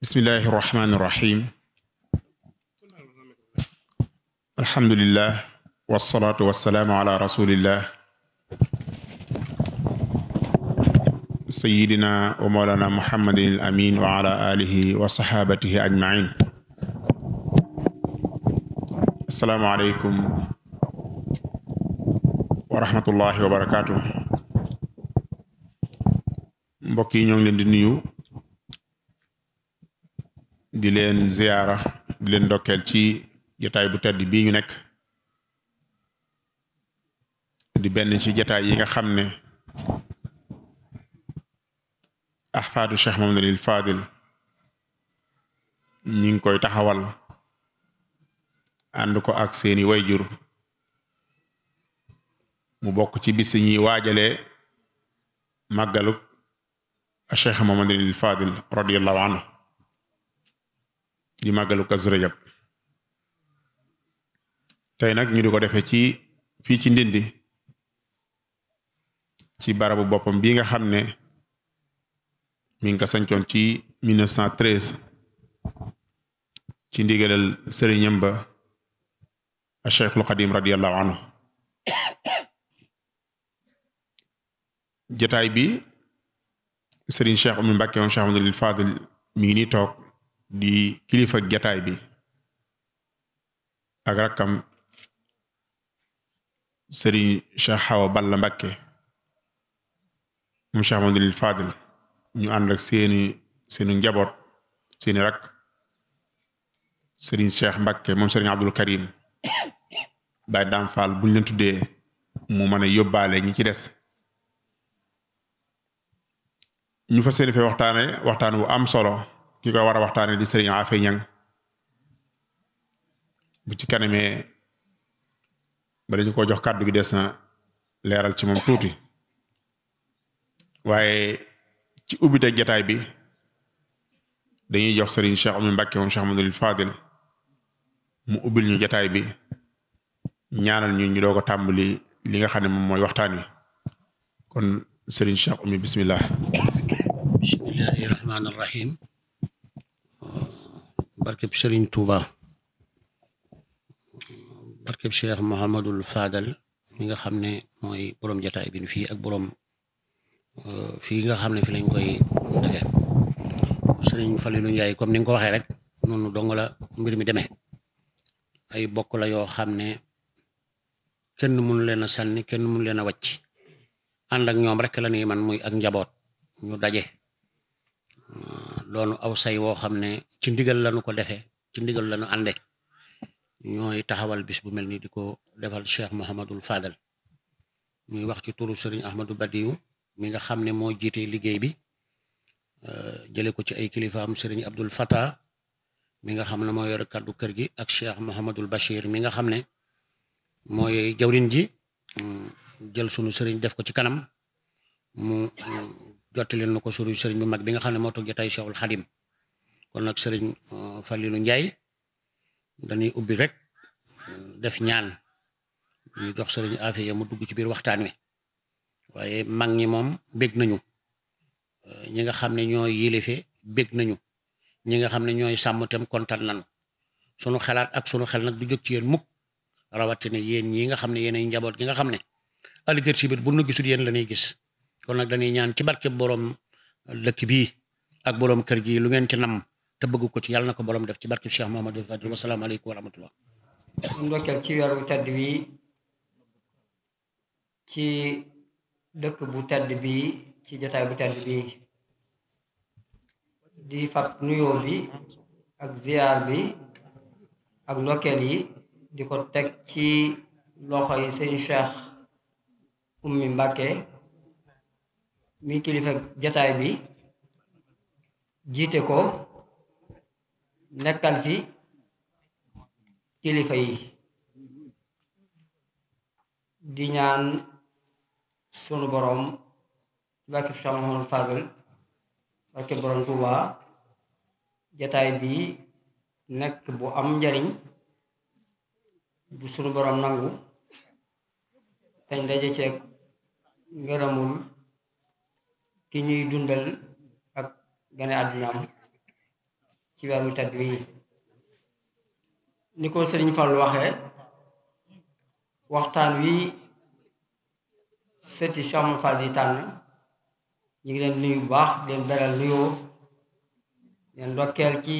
bismillahi irrahmani irrahim alhamdulilah walsalaatu walsalaamu ala rasulillah sayidina wa moolana muhammadin al amin wa ala alihi wa saxaabatihi ajmain assalaamu aleykum wa rahmatullahi wa barakaatu mbokk yi ñoo ngi leen di nuyu di leen ziyaara di leen ndokkeel ci jataay bu tedd bii ñu nekk di benn ci jataay yi nga xam ne ahfaadu Cheikh Mamadou Fadil ñi ngi koy taxawal ànd ko ak seeni wayjur mu bokk ci bis ñuy waajalee màggaluk Cheikh Mamadou Fadil radiyallahu anhu di màggalu Kazu Rajab tey nag ñu di ko defee ci fii ci Ndindi ci barabu boppam bi nga xam ne mi ngi ko sancoon ci 1913 ci ndigalal sëriñam ba Cheikhul Xadim radiyallahu anhu jotaay bi sëriñ Cheikh Oumy Mbacke moom Cheikh Amadou Fadil mi ngi nii toog di kilifa jataay bi ak rakkam sëriñ Cheikh Awa Balla Mbakke mu Cheikh Mamadou Fadil ñu ànd ak seeni seeni njaboot seeni rakk sëriñ Cheikh Mbakke moom sëriñ Abdul Karim Baay Daam Faal buñ leen tuddee mu mën a yóbbaale ñi ci des ñu fa seeni fee waxtaan wu am solo ki ko war a waxtaane di sëriñ Afe Ñang bu ci kanamee ba dañu ko jox kàddu gi des na leeral ci moom tuuti waaye ci ubbite jataay bi dañuy jox sëriñ Cheikh Oumy Mbacké moom Cheikh Amadou Fadil mu ubbil ñu jataay bi ñaanal ñu ñu doo ko tàmbali li nga xam ne moom mooy waxtaan wi kon sëriñ Cheikh Oumy bismillahi barkeb Serigne Touba barkeb Cheikh Mohamadul Fadal mi nga xam ne mooy borom jataay bi fii ak borom euh, fii nga xam ne fi lañ koy defee Serigne Falilou Ndiaye comme ni nga ko waxee rek noonu dong la mbir mi deme ay bokk la yoo xam ne kenn mënu leen a sànni kenn mënu leen a wàcc ànd ak ñoom rek la ñuy man muy ak njaboot ñu daje. doon aw say woo xam ne ci ndigal lanu ko defe ci ndigal lanu ànde ñooy taxawal bis bu mel ni di ko defal Cheikh Mouhamadul Fadal muy wax ci turu Serigne Ahmadou Badiou mi nga xam ne moo jiite liggéey bi euh, jële ko ci ay kilifaam Serigne Abdul Fattah mi nga xam ne moo yor kàddu kër gi ak Cheikh Mouhamadul Bachir mi nga xam ne mooy jawrin ji mm, jël sunu Serigne def ko ci kanam mu jottalil na ko suru sëriñ bu mag bi nga xam ne moo toog jotaay Cheikhul Khadim kon nag sëriñ uh, Falilou Ndiaye dañuy ubbi rek uh, def ñaan ñu jox sëriñ Afia mu dugg ci biir waxtaan wi waaye mag ñi moom bég nañu uh, ñi nga xam ne ñooy yilife bég nañu ñi nga xam ne ñooy sàmm tam kontaan nañu sunu xalaat ak sunu xel nag du jóg ci yéen mukk rawatina yéen ñi nga xam ne yéenay njaboot gi nga xam ne ëllëg si biir bu nu gisul yéen la ñuy gis. kon ñaan ci barke borom dëkk bii ak borom kër gi lu ci nam te bëgg ko ci yàlla ko borom def ci barke Cheikh Mouhamadou ci weer wu tedd dëkk bu tedd bi ci jotaay bu tedd bi di fab nuyoo bi ak ziar bi ak ndokkeel yi di ko teg ci loxo yi sëñ Cheikh Oumy Mbacké mi kilifa jataay bi jiite ko nekkal fi kilifa yi di ñaan sunu borom barke Cheikh Mouhamadou Fadel barke borom Touba jataay bi nekk bu am njariñ bu sunu borom nangu dañ daje ceeg ngërëmul ki ñuy dundal ak gane àddunaam ci weeru tedd wi ni ko Sëriñ lu waxe waxtaan wi sëti Cheikh Fall di tànn ñu ngi leen nuyu bu baax leen beral nuyoo leen ndokkeel ci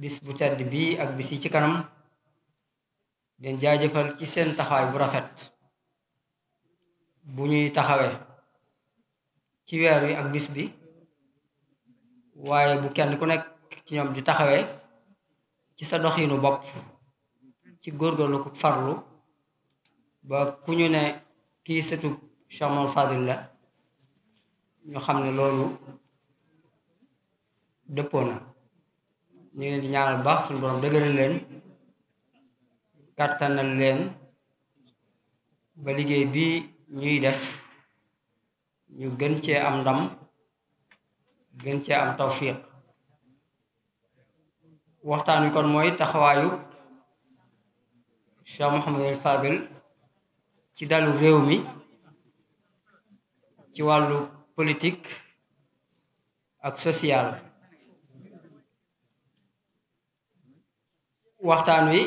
bis bu tedd bii ak bis yi ci kanam leen jaajëfal ci seen taxawaay bu rafet bu ñuy taxawee ci weer wi ak bis bi waaye bu kenn ku nekk ci ñoom di taxawee ci sa doxinu bopp ci góorgóorlu ko farlu ba ku ñu ne kii sëtu Cheikh Mouhamadou la ñu xam ne loolu dëppoo na ñu leen di ñaanal baax suñu borom dëgëral leen kàttanal leen ba liggéey bi ñuy def ñu gën cee am ndam gën cee am tawfiq waxtaan wi kon mooy taxawaayu Cheikh Mouhamadul Fadil ci dalu réew mi ci wàllu politik ak social waxtaan wi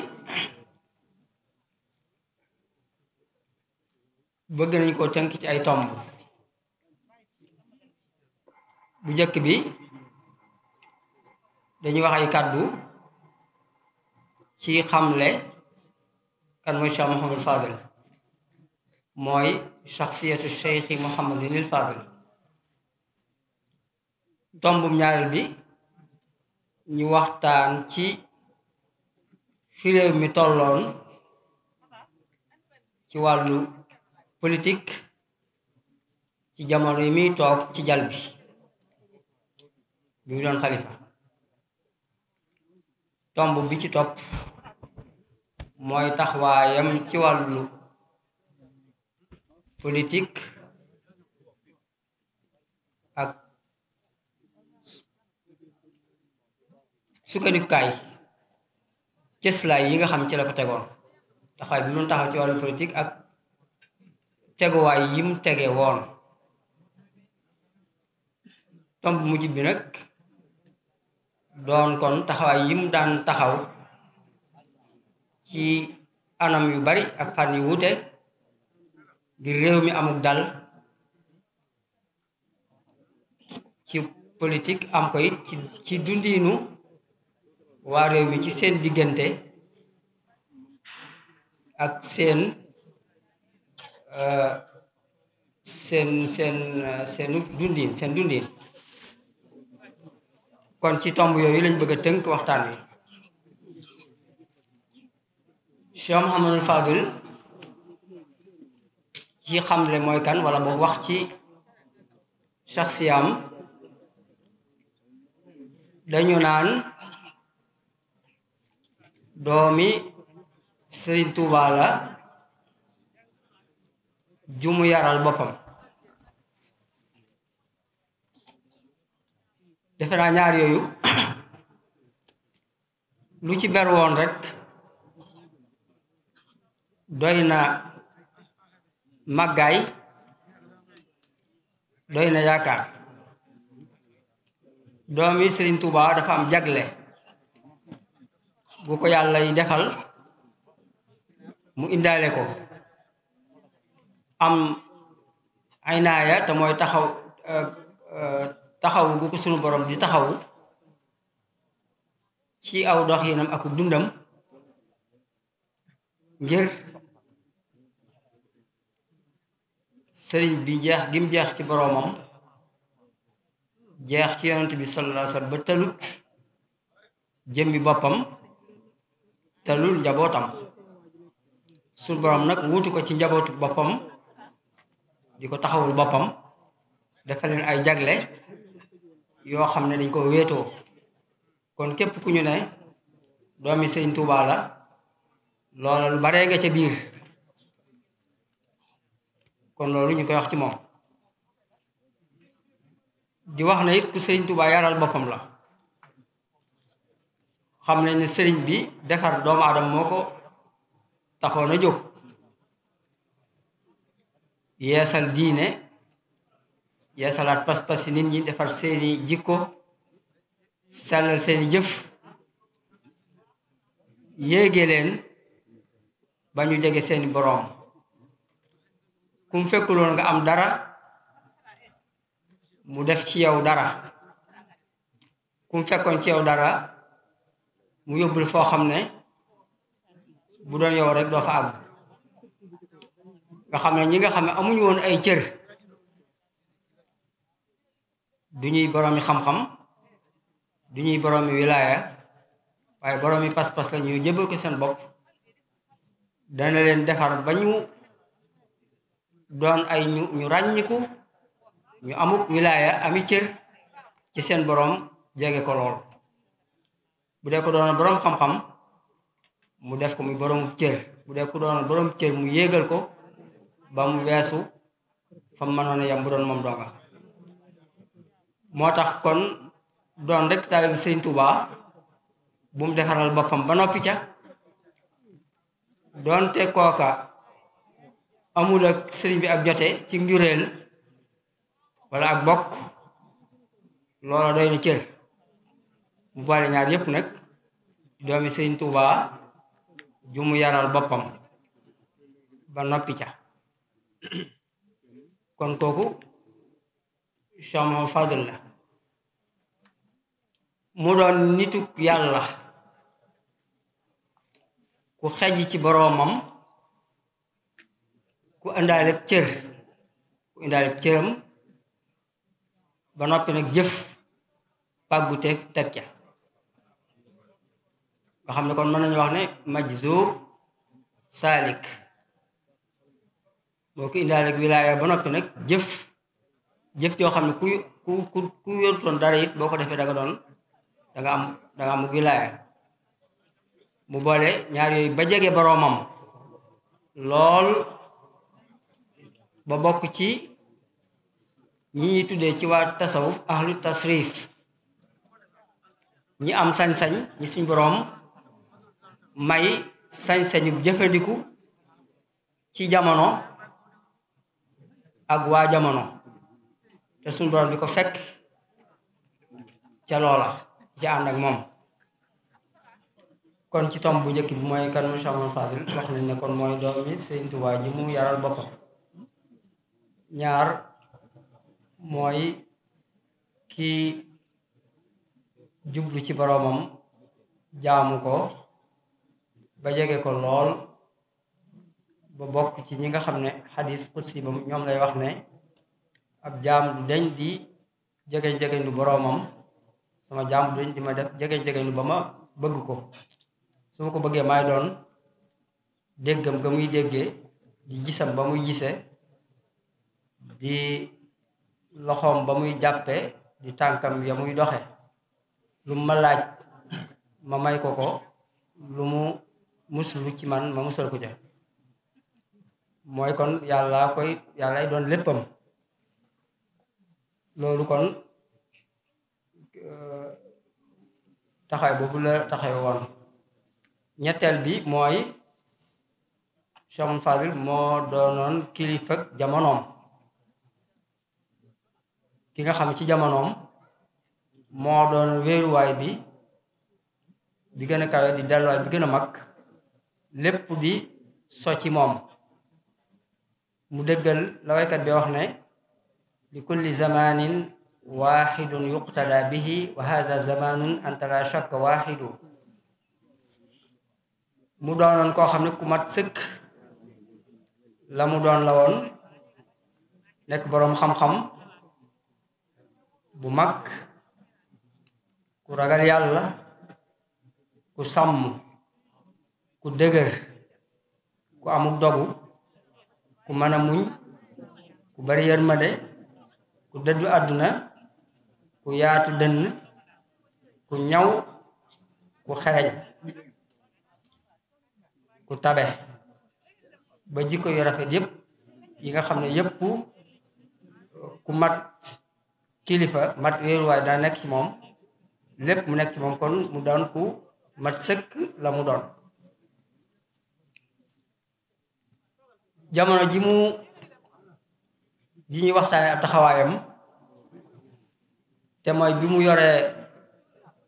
bëgg nañ ko tënk ci ay tomb bu njëkk bi dañuy wax ay kàddu ci xamle kan mooy Cheikh Mouhamadul Fadil mooy shaxsiyatu Cheikhi Mouhamadinil Fadil tombum ñaareel bi ñu waxtaan ci fi mi tolloon ci wàllu politik ci jamono yi muy toog ci jal bi bi doon xalifa tomb bi ci topp mooy taxawaayam ci wàllu politik ak sukkandikaay cëslaay yi nga xam ci la ko tegoon taxawaay bi mu taxaw ci wàllu politique ak teguwaay yi mu tege woon tomb mujj bi nag doon kon taxawaay yi mu daan taxaw ci anam yu bari ak fànn yu wuute ngir réew mi amuk dal ci politique am ko ci ci dundiinu waa réew mi ci seen diggante ak seen euh, seen seen euh, seenu dundiin seen dundiin kon ci tomb yooyu lañ bëgg a tënk waxtaan wi Cheikh Mouhamadul Fadil ci xamle mooy kan wala boog wax ci saxsiyaam dañu naan doomi Sëriñ Tuuba la jumu yaral boppam defe naa ñaar yooyu lu ci ber woon rek doy na màggaay doy na yaakaar doomi Sëriñ Tuuba dafa am jagle bu ko yàlla yi defal mu indaale ko am ay naaya te mooy taxaw euh, euh, taxawu gu ko sunu borom di taxawu ci aw dox doxinam ak dundam ngir sëriñ bi jeex gim jeex ci boroomam jeex ci yonent bi sol alayhi wasallam ba talut jëmmi boppam talul njabootam suñ boroom nag wuutu ko ci njabootu boppam di ko taxawul boppam dafa leen ay jagle yoo xam ne dañ koo wéetoo kon képp ku ñu ne doomi sëñ Tuuba la loola lu baree nga ca biir kon loolu ñu koy wax ci moom di wax na it ku sëriñ Tuubaa yaral boppam la xam nañ ne sëriñ bi defar doomu aadama moo ko taxoon a jóg yeesal diine yeesalaat pas-pas yi nit ñi defar seeni jikko sànnal seeni jëf yéege leen ba ñu jege seeni boroom kum fekkuloon nga am dara mu def ci yow dara kum fekkoon ci yow dara mu yóbbul foo xam ne bu doon yow rek doo fa àgg nga xam ne ñi nga xam ne amuñu woon ay cër du ñuy boroomi xam-xam du ñuy boroomi wilaaya waaye boroomi pas-pas la ñuy jëbal ko seen bopp dana leen defar ba ñu doon ay ñu ñu ràññiku ñu amuk wilaaya ami cër ci seen boroom jege ko lool bu dee ko doon boroom xam-xam mu def ko muy boroomu cër bu dee ko doon boroom cër mu yéegal ko ba mu weesu fa mu mënoon a bu doon moom donga moo tax kon doon rek taalibe Sëriñ Tuubaa bu mu defaral boppam ba noppi ca doonte kooka amul ak sëriñ bi ak jote ci njureel walla ak bokk loola doy na cër mu boole ñaar yépp nag doomi Sëriñ Tuubaa ju yaral boppam ba noppi ca kon kooku Cheikh Mouhamed Fadel la mu doon nituk yàlla ku xej ci boroomam ku indaaleb cër ku indaaleb cëram ba noppi nag jëf pàggute teg ca nga xam ne kon mën nañu wax ne majzub saalik moo ko indaaleeg wilaaya ba noppi nag jëf jëf joo xam ne ku ku ku yorutoon dara it boo ko defee danga doon danga am da nga am wilaaya mu boole ñaar yooyu ba jege boroomam lool ba bokk ci ñi ñuy tuddee ci waa tasawuf ahlu tasrif ñi am sañ-sañ ñi suñ boroom may sañ-sañu jëfandiku ci jamono ak waa jamono te suñu borom di ko fekk ca loola ca ànd ak moom kon ci tomb bu njëkk bi mooy kan mu Cheikh Fadil wax nañ ne kon mooy doomi Sëriñ Tuubaa ji boppam ñaar mooy ki jublu ci boroomam jaamu ko ba jege ko lool ba bokk ci ñi nga xam ne xadis xudsi ba ñoom lay wax ne ab jaam du deñ di jegeñ jegeñ lu boroomam sama jaam du deñ di ma def jegeñ jegeñ lu ba ma bëgg ko su ma ko bëggee maay doon déggam ga muy déggee di gisam ba muy gisee di loxoom ba muy jàppee di tànkam ya muy doxe lu ma laaj ma may ko ko lu mu muslu ci man ma musal ko ca mooy kon yàlla koy yàllay doon léppam loolu kon euh, taxaw boobu la taxaw woon ñetteel bi mooy Cheikh Fadil moo doonoon kilifa jamonoom ki nga xam ci jamonoom moo doon wéeruwaay bi bi gën a kawe di delluwaay bi gën a mag lépp di so moom mu dëggal la waykat bi wax ne li kulli zamanin waxidun yuqtada bihi wa haza zamanun anta la shakka waxidu mu doonoon koo xam ne ku mat sëkk la mu doon la woon nekk boroom xam-xam bu mag ku ragal yàlla ku sàmm ku dëgër ku amuk dogu ku mën a muñ ku bari yërmande ku dëddu àdduna ku yaatu dënn ku ñaw ku xereñ ku tabe ba jikko yu rafet yépp yi nga xam ne yépp ku mat kilifa mat wéeruwaay daa nekk ci moom lépp mu nekk ci moom kon mu doon ku mat sëkk la mu doon jamono ji mu gi ñuy waxtaane ab taxawaayam te mooy bi mu yoree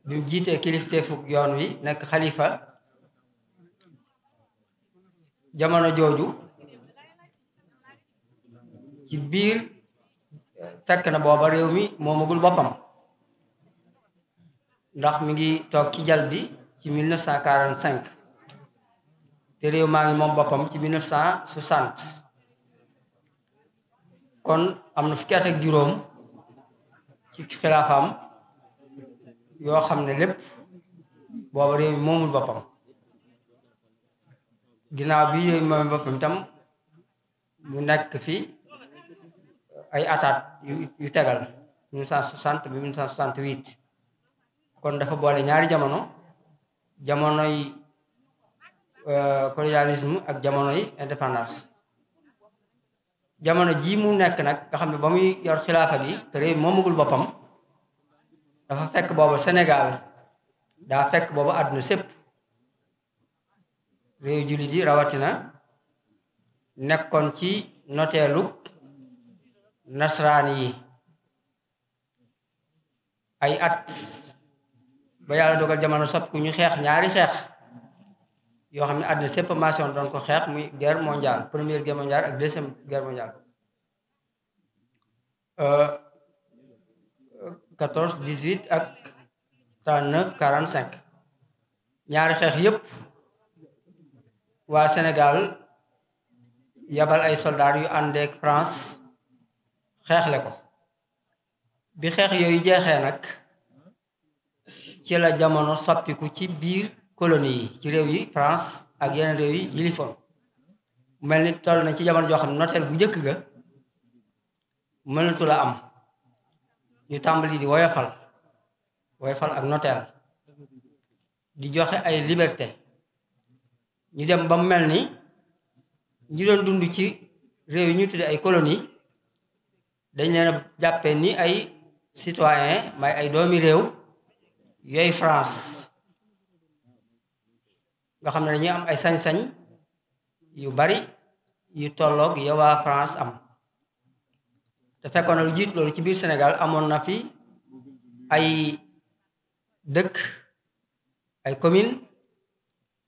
bi mu jiitee kilifteefug yoon wi nekk xalifa jamono jooju ci biir fekk na booba réew mi moomagul boppam ndax mi ngi toog ci jal bi ci 1945 te réew maa ngi moom boppam ci 1960 kon am na fukki at ak juróom ci xilaafaam yoo xam ne lépp booba réew moomul boppam ginnaaw bi réew mi moomul boppam itam mu nekk fi ay ataat yu tegal 1960 bi 1968 kon dafa boole ñaari jamono jamonoy euh, colonialisme ak jamonoy indépendance jamono jii mu nekk nag nga xam ne ba muy yor xilaafa gi te réew moomagul boppam dafa fekk booba senegaal daa fekk booba àdduna sépp réew jullit yi rawatina nekkoon ci noteelu nasaraan yi ay at ba yàlla dogal jamono soppi ku ñu xeex ñaari xeex yoo xam ne àddina sépp nation doon ko xeex muy guerre mondiale première guerre mondiale ak deuxième guerre mondiale. 14 euh, 18 ak 39 45 ñaari xeex yépp waa Sénégal yabal ay soldats yu ànd ak France xeexle ko bi xeex yooyu jeexee nag ci la jamono soppiku ci biir. colonie yi ci réew yi France ak yeneen réew yi yilifoon mel ni toll na ci jamono joo xam ne nooteel bu njëkk ga mënatu la am ñu tàmbali di woyofal woyofal ak nooteel di joxe ay liberté ñu dem ba mu mel ni ñu doon dund ci réew yi ñu tudde ay colonie dañ leen a jàppe ni ay citoyen may ay doomi réew yooyu France nga xam ne dañuy am ay sañsañ yu bari yu tolloog yow waa France am te fekkoon lu jiit loolu ci biir Sénégal amoon na fi ay dëkk ay commune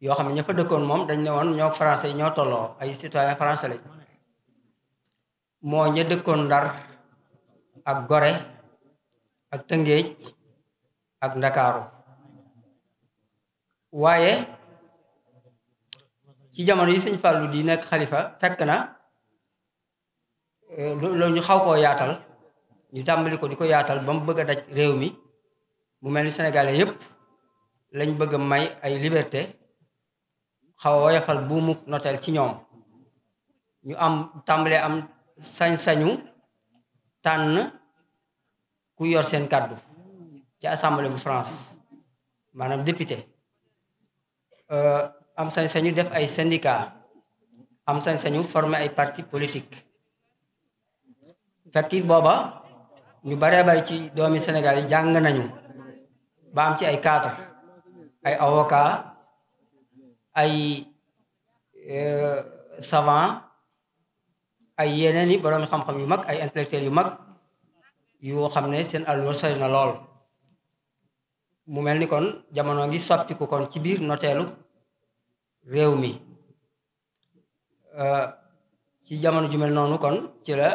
yoo xam ne ña dëkkoon moom dañ ne woon ñoo français ñoo tolloo ay citoyen français lañ moo ña dëkkoon Ndar ak Gore ak Tëngéej ak Ndakaaru waaye ci jamono yi sëñ Fallou di nekk xalifa takk na euh, loolu ñu xaw koo yaatal ñu tàmbali ko di ko yaatal ba mu bëgg a daj réew mi mu mel ni sénégalais yépp lañ bëgg a may ay liberté xaw a woyofal buumu noteel ci ñoom ñu am tàmbalee am sañ-sañu tànn ku yor seen kàddu ci assemblée bu France maanaam dépité euh, am sañ-sañu def ay syndicat am sañ-sañu forme ay parti politique fekk booba ñu baree bari ci doomi Sénégal yi jàng nañu ba am ci ay kaata ay avocat ay euh, savant ay yeneen i borom xam-xam yu mag ay intellectuel yu mag yoo xam ne seen allure sori na lool mu mel ni kon jamono ngi soppiku kon ci biir noteelu réew mi euh, ci jamono ju mel noonu kon ci la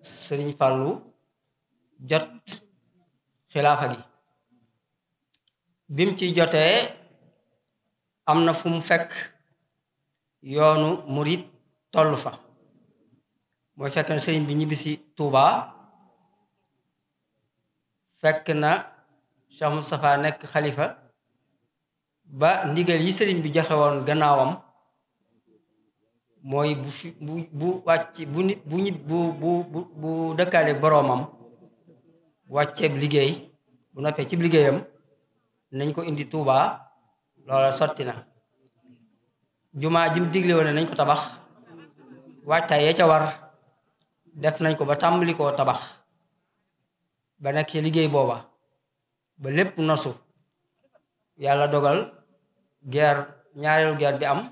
sëriñ fàllu jot xilaafa gi bim ci jotee am na fu mu fekk yoonu murit tollu fa mooy fekk na sëriñ bi ñibbisi Tuuba fekk na Cheikh Moustapha nekk xalifa ba ndigal yi sëriñ bi joxe woon gannaawam mooy bu fi bu bu wàcc bu nit bu nit bu bu bu dëkkaale boroomam wàcceeb liggéey bu noppee cib liggéeyam nañ ko indi Tuubaa loola sotti na jumaa jim digle nañ ko tabax waajtaay ya ca war def nañ ko ba tàmbali koo tabax ba nekk ci liggéey booba ba lépp nosu yàlla dogal guerre ñaareelu guerre bi am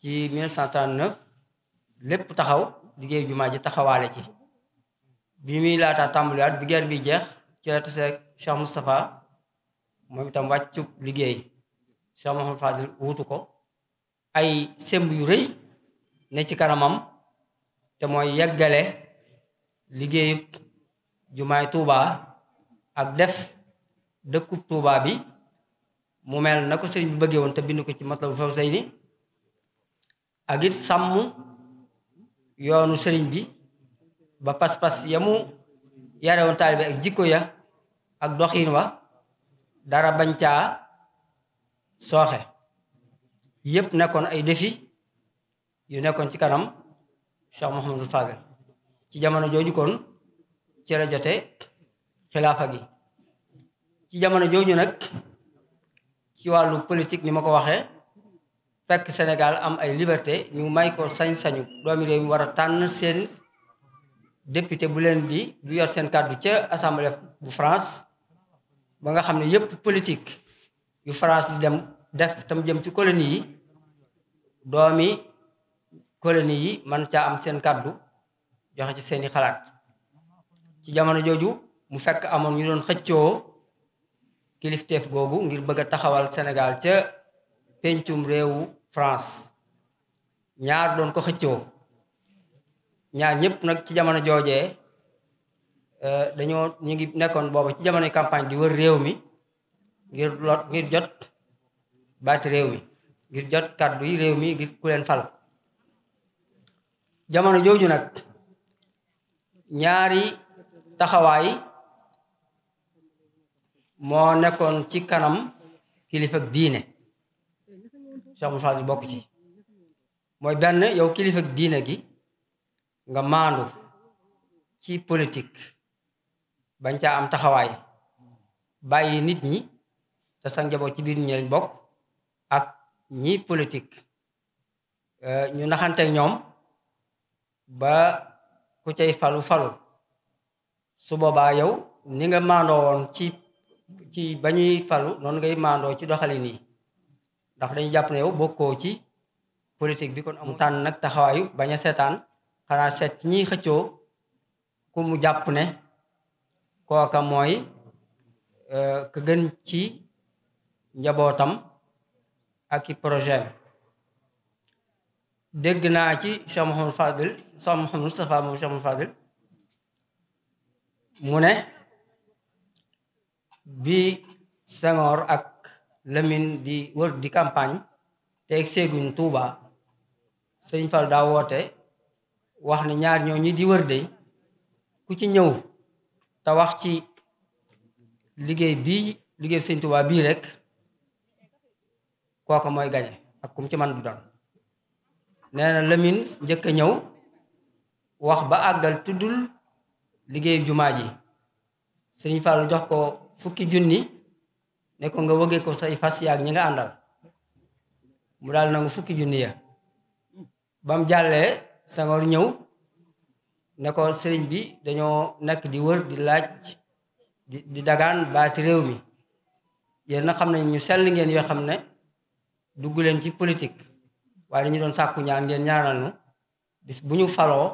ci 1939 lépp taxaw liggéey jumaa ji taxawaale ci bi muy laata tàmbaliwaat bi guerre bi jeex ci la tase Cheikh Moustapha moom itam wàccu liggéey Cheikh Mouhamadou Fadil wutu ko ay semb yu rëy ne ci kanamam te mooy yeggale liggéeyu jumaay tuuba ak def dëkkub Touba bi mu mel na ko sëriñ bi bëggee woon te bind ko ci matlabu faw say ni ak it sàmm yoonu sëriñ bi ba pas-pas ya mu yare woon taalibe ak jikko ya ak doxiin wa dara bañ caa sooxe yépp nekkoon ay défi yu nekkoon ci kanam Cheikh Mouhamadul Fadel ci jamono jooju kon ci jote xilaafa gi ci jamono jooju nag ci wàllu politique ni ma ko waxee fekk Sénégal am ay liberté ñu may ko sañ-sañu doomi réew mi war a tànn seen député bu leen di bu yor seen kàddu ca assemblée bu France ba nga xam ne yépp politique yu France di dem def tam jëm ci colonie yi doomi colonie yi man caa am seen kàddu joxe ci seeni xalaat ci jamono jooju mu fekk amoon ñu doon xëccoo kilifteef googu ngir bëgg a taxawal Sénégal ca pencum réewu France ñaar doon ko xëccoo ñaar ñëpp nag ci jamono joojee euh, dañoo ñu ngi nekkoon boobu ci jamonoy campagne di wër réew mi ngir lot ngir jot baati réew mi ngir jot kàddu yi réew mi ngir ku leen fal jamono jooju nag ñaari taxawaay moo nekkoon ci kanam kilifa ak diine Cheikh Moussa di bokk ci mooy benn yow kilifa diine gi nga maandu ci politik bañ caa am taxawaay bàyyi nit ñi te sa njaboot ci biir ñi bokk ak ñi politique euh, ñu naxante ñoom ba ku cay falu falu su boobaa yow ni nga maandoo woon ci ci bañuy ñuy palu noonu ngay maandoo ci doxalin yi ndax dañuy jàpp ne yow bokkoo ci politique bi kon amu tànn nag taxawaayu bañ a seetaan xanaa seet ci ñiy xëccoo ku mu jàpp ne kooka mooy euh, ka gën ci njabootam ak i projet dégg naa ci Cheikh Mouhamadou Fadil Cheikh Mouhamadou Moustapha moom Cheikh mu ne bi Senghor ak Lamine di wër di campagne te eg seeguñ Touba sëñ daa woote wax ne ñaar ñoo ñi di wër de ku ci ñëw te wax ci liggéey bi liggéey sëñ Touba bii rek kooku mooy gañe ak kum ci man du doon nee na Lamine njëkk a ñëw wax ba àggal tuddul liggéey jumaa ji sëñ Fall jox ko fukki junni ne nga wëggee ko say fas yaag ñi nga àndal mu daal nangu fukki junni ya bam jàllee sangoor ñëw ne sëriñ bi dañoo nekk di wër di laaj di di dagaan baati réew mi yéen na xam ne ñu sell ngeen yoo xam ne dugg leen ci politique waaye dañu doon sàkku ñaan ngeen ñaanal nu bu ñu faloo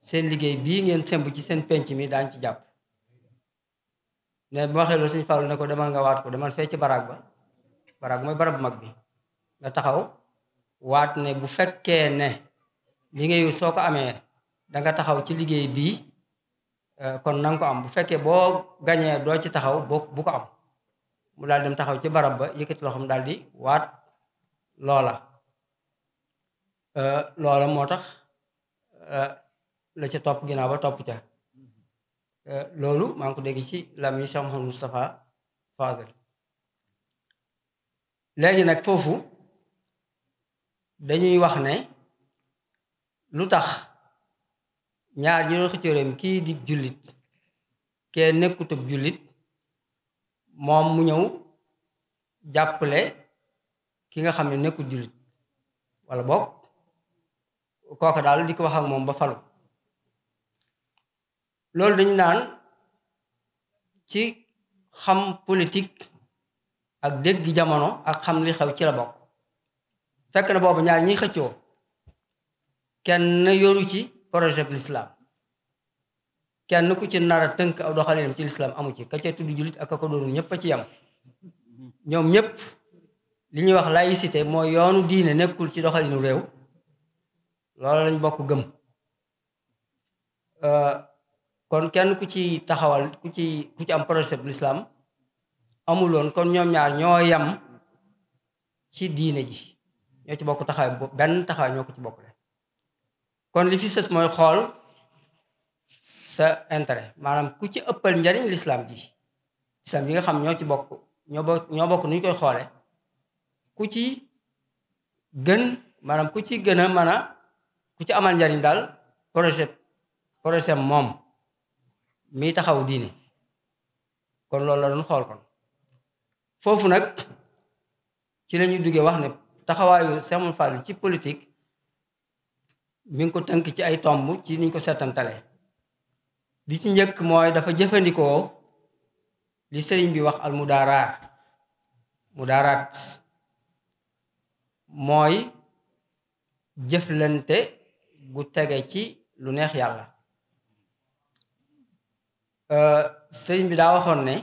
seen liggéey bii ngeen semb ci seen penc mi daañ ci jàpp ne bu waxee loolu sëñ Fallou ne ko demal nga waat ko demal fee ci baraag ba baraag mooy barab mag bi nga taxaw waat ne bu fekkee ne liggéeyu soo ko amee danga taxaw ci liggéey bii euh, kon nanga ko am bu fekkee boo gañee doo ci taxaw bu ko am mu dal dem taxaw ci barab ba yëkkati loxoom daal di waat loola euh, loola moo tax euh, la ca topp ginnaaw ba topp ca Euh, loolu maa ngi ko dégg ci làmmiñu Cheikh Mouhamadou Moustapha Fadel léegi nag foofu dañuy wax ne lu tax ñaar ñi doon xëccoo réew kii di jullit kee nekkutub jullit moom mu ñëw jàppale ki nga xam ne nekkut jullit wala bokk kooka daal di ko wax ak moom ba falu loolu dañu naan ci xam politique ak dégg jamono ak xam li xew ci la bokk fekk na boobu ñaar ñi xëccoo kenn yoru ci projet bi lislaam kenn ku ci nar tënk aw doxalinam ci lislaam amu ci ka ca tudd jullit ak ka ko doonul ñëpp a ci yam ñoom ñëpp li ñuy wax laïcité mooy yoonu diine nekkul ci doxalinu réew loolu lañ bokk gëm euh, kon kenn ku ci taxawal ku ci ku ci am projet bu lislaam amuloon kon ñoom ñaar ñoo yam ci diine ji ñoo ci bokk taxawaay benn taxawaay ñoo ko ci bokkule kon li fi sës mooy xool sa intérêt maanaam ku ci ëppal njariñ lislaam ji lislaam yi nga xam ñoo ci bokk ñoo bokk ñoo bokk nu ñu koy xoole ku ci gën maanaam ku ci gën a mën a ku ci amal njariñ daal projet projet moom mii taxaw diine kon loolu la doon xool kon foofu nag ci la ñuy duggee wax ne taxawaayu Seexul Faal ci politique mi ngi ko tënk ci ay tomb ci niñ ko seetantale bi ci njëkk mooy dafa jëfandikoo li sëriñ bi wax al mudaaraat mudaaraat mooy jëflante gu tege ci lu neex yàlla sëñ bi daa waxoon ne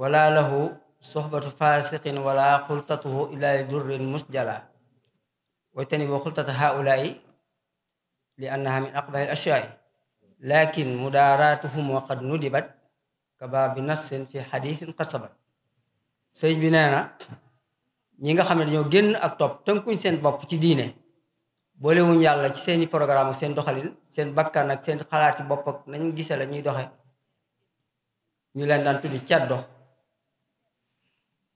wala lahu soxbatu fasiqin wala xultatuhu illa li durrin musjala wajtani bo xultata haulai li annaha min aqbahi al ashyai lakin mudaaratuhum wa qad nudibat kaba bi nassin fi xadisin qad sabat sëñ bi nee na ñi nga xam ne dañoo génn ak topp tënkuñ seen bopp ci diine boolewuñ yàlla ci seeni programme ak seen doxalin seen bakkan ak seen xalaati bopp ak nañ gisee la ñuy doxe ñu leen daan tudd ceddo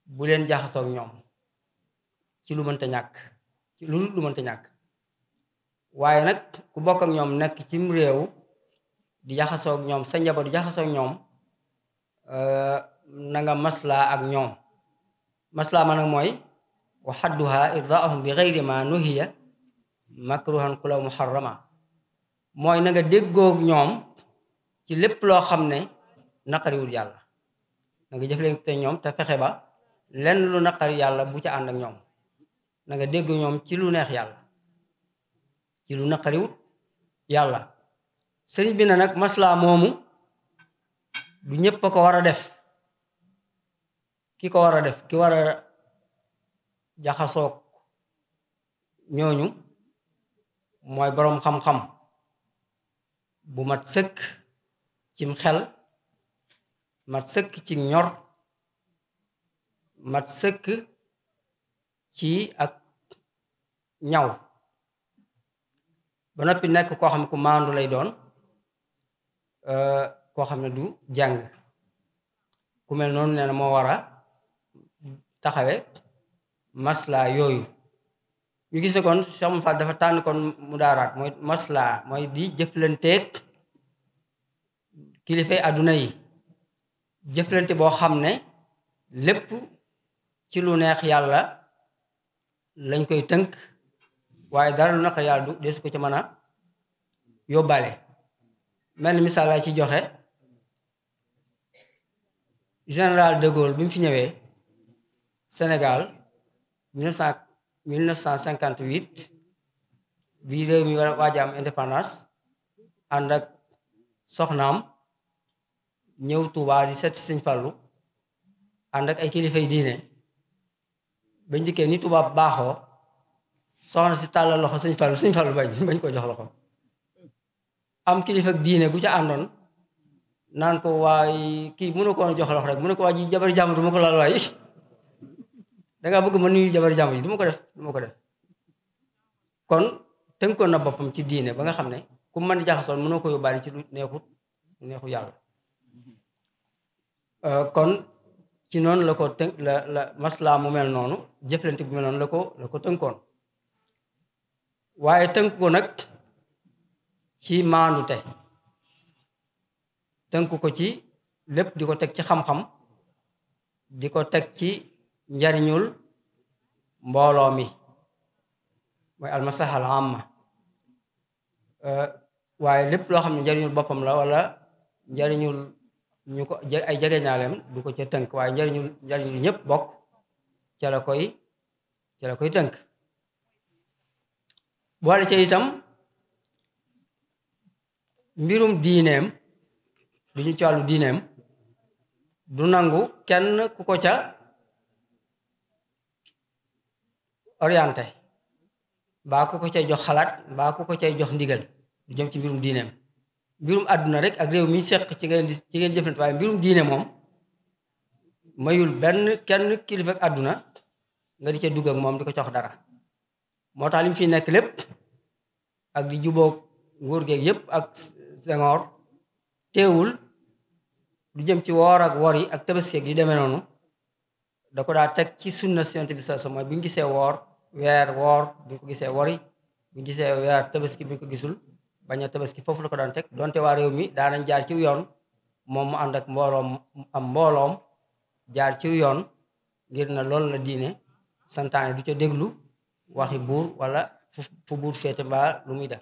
bu leen jaxasoog ñoom ci lu ñàkk ci lu lu mënta ñàkk waaye nag ku bokk ak ñoom nekk cim réew di jaxasoog ñoom sa njaboot di jaxasoog ñoom euh, na nga maslaa ak ñoom maslaa ma nag mooy wa xadduha irdaahum bi gayri ma nuhiya makruhan kulaw muharrama mooy nanga déggook ñoom ci lépp loo xam ne naqariwul yàlla na nga jëflante ñoom te fexe ba lenn lu naqari yàlla bu ca ànd ak ñoom nanga dégg ñoom ci lu neex yàlla ci lu naqariwut yàlla sëriñ bi na nag maslaa moomu du ñépp ko war a def ki ko war a def ki war a jaxasook ñooñu mooy boroom xam-xam bu mat sëkk cim xel mat sëkk ci ñor mat sëkk ci ak ñaw ba noppi nekk koo xam ne ku maandu lay doon euh, koo xam ne du jàng ku mel noonu nee moo war a taxawe maslaa yooyu ñu gis ne kon Cheikh Moufat dafa tànn kon mudaaraat mooy maslaa mooy di jëflanteeg kilifay àdduna yi jëflante boo xam ne lépp ci lu neex yàlla lañ koy tënk waaye dara lu naqar yàlla du desu ko ci mën a yóbbaale mel ni misaal ci joxe général de Gaulle bi mu fi ñëwee Sénégal 1958 bi réew mi waaj am ànd ak soxnaam ñëw Touba di seet Sëñ Fallu ànd ak ay kilifay diine bañ dikkee ni Touba baaxoo soxna si tàllal loxo Sëñ Fallu Sëñ Fallu bañ bañ ko jox loxo am kilifa diine gu ca àndoon naan ko waay kii mënu ko jox loxo rek mënu ko waa ji jabar jàmm du ma ko laal waay dangaa bëgg ma nuyu jabar jàmbur ji du ma ko def du ko def kon tënkoon na boppam ci diine ba nga xam ne ku mën di jaxasoon mënoo ko yóbbaale ci lu neexu yàlla euh, kon ci noonu la ko tënk la maslaa mu mel noonu jëflante bu mel noonu la ko la ko tënkoon waaye tënk ko nag ci maandute tënk ko ci lépp di ko teg ci xam-xam di ko teg ci njariñul mbooloo mi mooy almaslaha al euh, waaye lépp loo xam ne njariñul boppam la wala njariñul ñu ko ay jegeñaaleem du ko ca tënk waaye njariñul njariñul ñëpp bokk ca koy ca koy tënk boole ca itam mbirum diineem du ñu ci diineem du nangu kenn ku ko ca orienté baa ku ko cay jox xalaat baa ku ko cay jox ndigal lu jëm ci mbirum diineem mbirum àdduna rek ak réew mi seq ci nga di ngeen jëflante waaye mbirum diine moom mayul benn kenn kilifa ak nga di ca dugg ak moom di ko jox dara moo tax li mu nekk lépp ak di jubóog nguur geeg ak Senghor teewul lu jëm ci woor ak wor yi ak tabaski yi demee noonu da ko daa teg ci sunna Yonent bi sa mooy bi ñu gisee woor weer woor bi ñu ko gisee wori mu ñu gisee weer tabaski bi ñu ko gisul bañ a tabaski foofu la ko daan teg donte waa réew mi daanañ jaar ci yoon moom mu ànd ak mbooloom am mbooloom jaar ci yoon ngir na loolu la diine santaane du ca déglu waxi buur walla fu buur féete mbaa lu muy def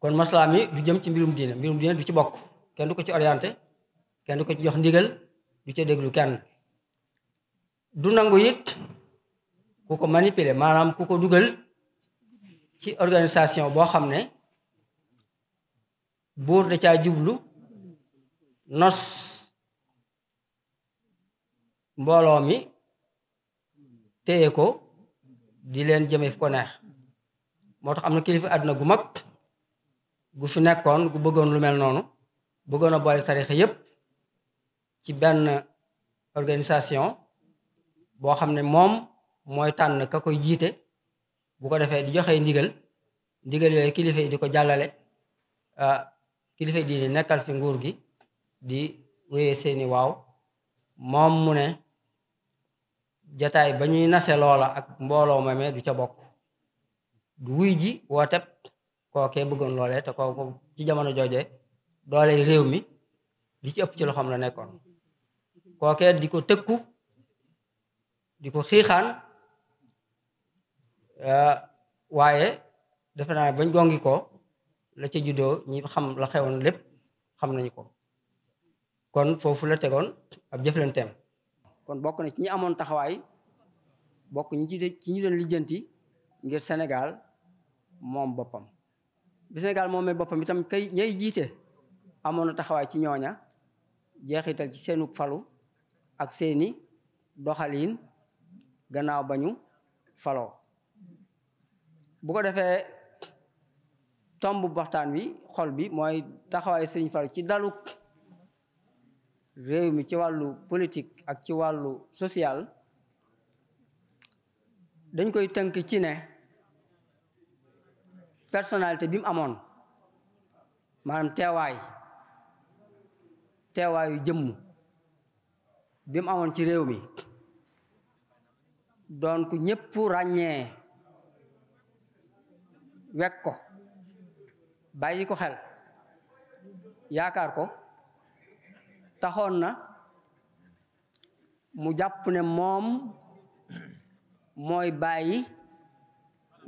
kon maslaa mi du jëm ci mbirum diine mbirum diine du ci bokk kenn du ko ci orienté kenn du ko ci jox ndigal du ca déglu kenn du nangu it ku ko manipuler maanaam ku ko dugal ci organisation boo xam ne buur da caa jublu nos mbooloo mi téye ko di leen jëme fu ko neex moo tax am na kilifa àdduna gu mag gu fi nekkoon gu bëggoon lu mel noonu bëggoon a boole tarixa yépp ci benn organisation boo xam ne moom mooy tànn ka koy jiite bu ko defee di joxe ndigal ndigal yooyu kilifa yi di ko jàllale ah, kilifa yi di nekkal fi nguur gi di wéye seeni waaw moom mu ne jataay ba ñuy nase loola ak mbooloo mame du ca bokk du wuy ji wooteb kookee bëggoon loolee te kooku ci jamono jooje doole réew mi di ci ëpp ci loxoom la nekkoon kookee di ko tëkku di ko xiixaan Eh, waaye defe naa bañ gongi ko la ci juddoo ñi xam la xewoon lépp xam nañu ko kon foofu la tegoon ab jëflanteem kon bokk na ci ñi amoon taxawaay bokk ñi ci ñi doon lijjanti ngir Sénégal moom boppam bi Sénégal moom mee boppam itam kay ñay jiite amoon na taxawaay ci ñooña jeexital ci seenu falu ak seeni doxaliin gannaaw ba ñu faloo bu ko defee tomb waxtaan bi xol bi mooy taxawaay sëñ Fallu ci daluk réew mi ci wàllu politik ak ci wàllu social dañ koy tënk ci ne personnalité bim amoon maanaam teewaay teewaayu jëmm bi amoon ci réew mi donk ku ràññee wekk ko bàyyi ko xel yaakaar ko taxoon na mu jàpp ne moom mooy bàyyi